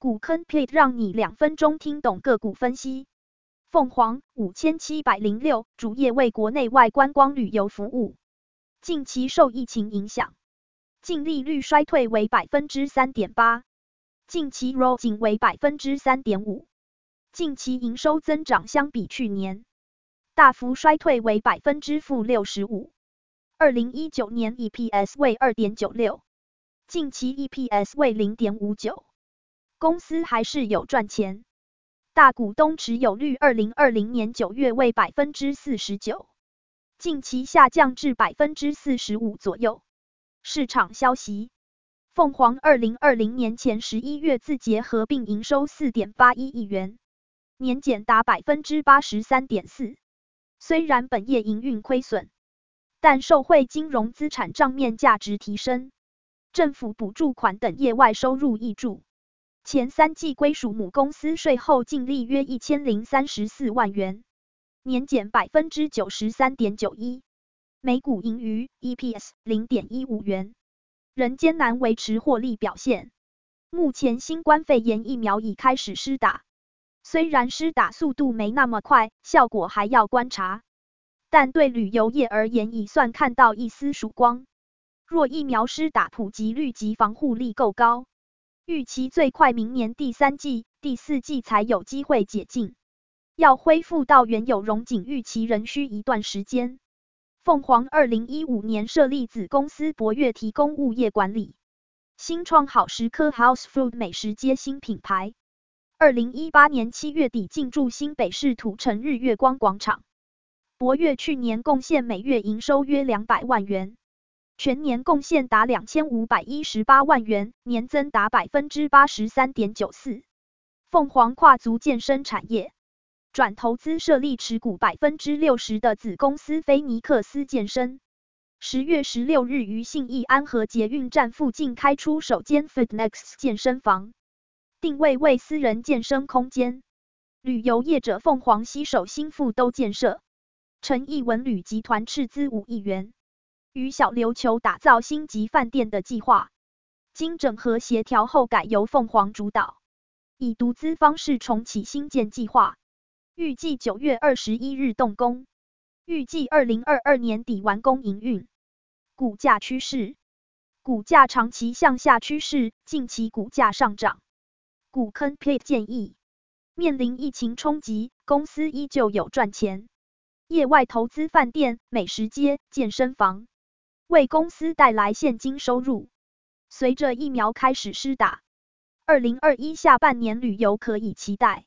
股坑 please 讓你兩分鐘聽懂個股分析。鳳凰五千七百零六，主業為國內外觀光旅遊服務。近期受疫情影響，淨利率衰退為百分之三點八，近期 ROE 僅為百分之三點五，近期營收增長相比去年大幅衰退為百分之負六十五。二零一九年 EPS 為二點九六，近期 EPS 為零點五九。公司還是有賺錢，大股東持有率二零二零年九月為百分之四十九，近期下降至百分之四十五左右。市場消息，鳳凰二零二零年前十一月自結合併營收四點八一億元，年減達百分之八十三點四。雖然本業營運虧損，但受惠金融資產賬面價值提升，政府補助款等業外收入挹注。前三季歸屬母公司稅後淨利約一千零三十四萬元，年減百分之九十三點九一，每股盈餘 EPS 零點一五元，仍艱難維持獲利表現。目前新冠肺炎疫苗已開始施打，雖然施打速度沒那麼快，效果還要觀察，但對旅遊業而言已算看到一絲曙光。若疫苗施打普及率及防護力夠高，預期最快明年第三季、第四季才有機會解禁，要恢復到原有榮景預期仍需一段時間。鳳凰二零一五年設立子公司博越提供物業管理，新創好食客 House Food 美食街新品牌，二零一八年七月底進駐新北市土城日月光廣場。博越去年貢獻每月營收約兩百萬元。全年貢獻達兩千五百一十八萬元，年增達百分之八十三點九四。鳳凰跨足健身產業，轉投資設立持股百分之六十的子公司菲尼克斯健身。十月十六日於信義安和捷運站附近開出首間 Fitnex 健身房，定位為私人健身空間。旅遊業者鳳凰攜手新富都建設、承億文旅集團斥資五億元。與小琉球打造星級飯店的計劃，經整合協調後，改由鳳凰主導，以獨資方式重啟新建計劃，預計九月二十一日動工，預計二零二二年底完工營運。股價趨勢：股價長期向下趨勢，近期股價上漲。股坑 Pete 建議：面臨疫情衝擊，公司依舊有賺錢。業外投資飯店、美食街、健身房。為公司帶來現金收入，隨着疫苗開始施打，二零二一下半年旅遊可以期待。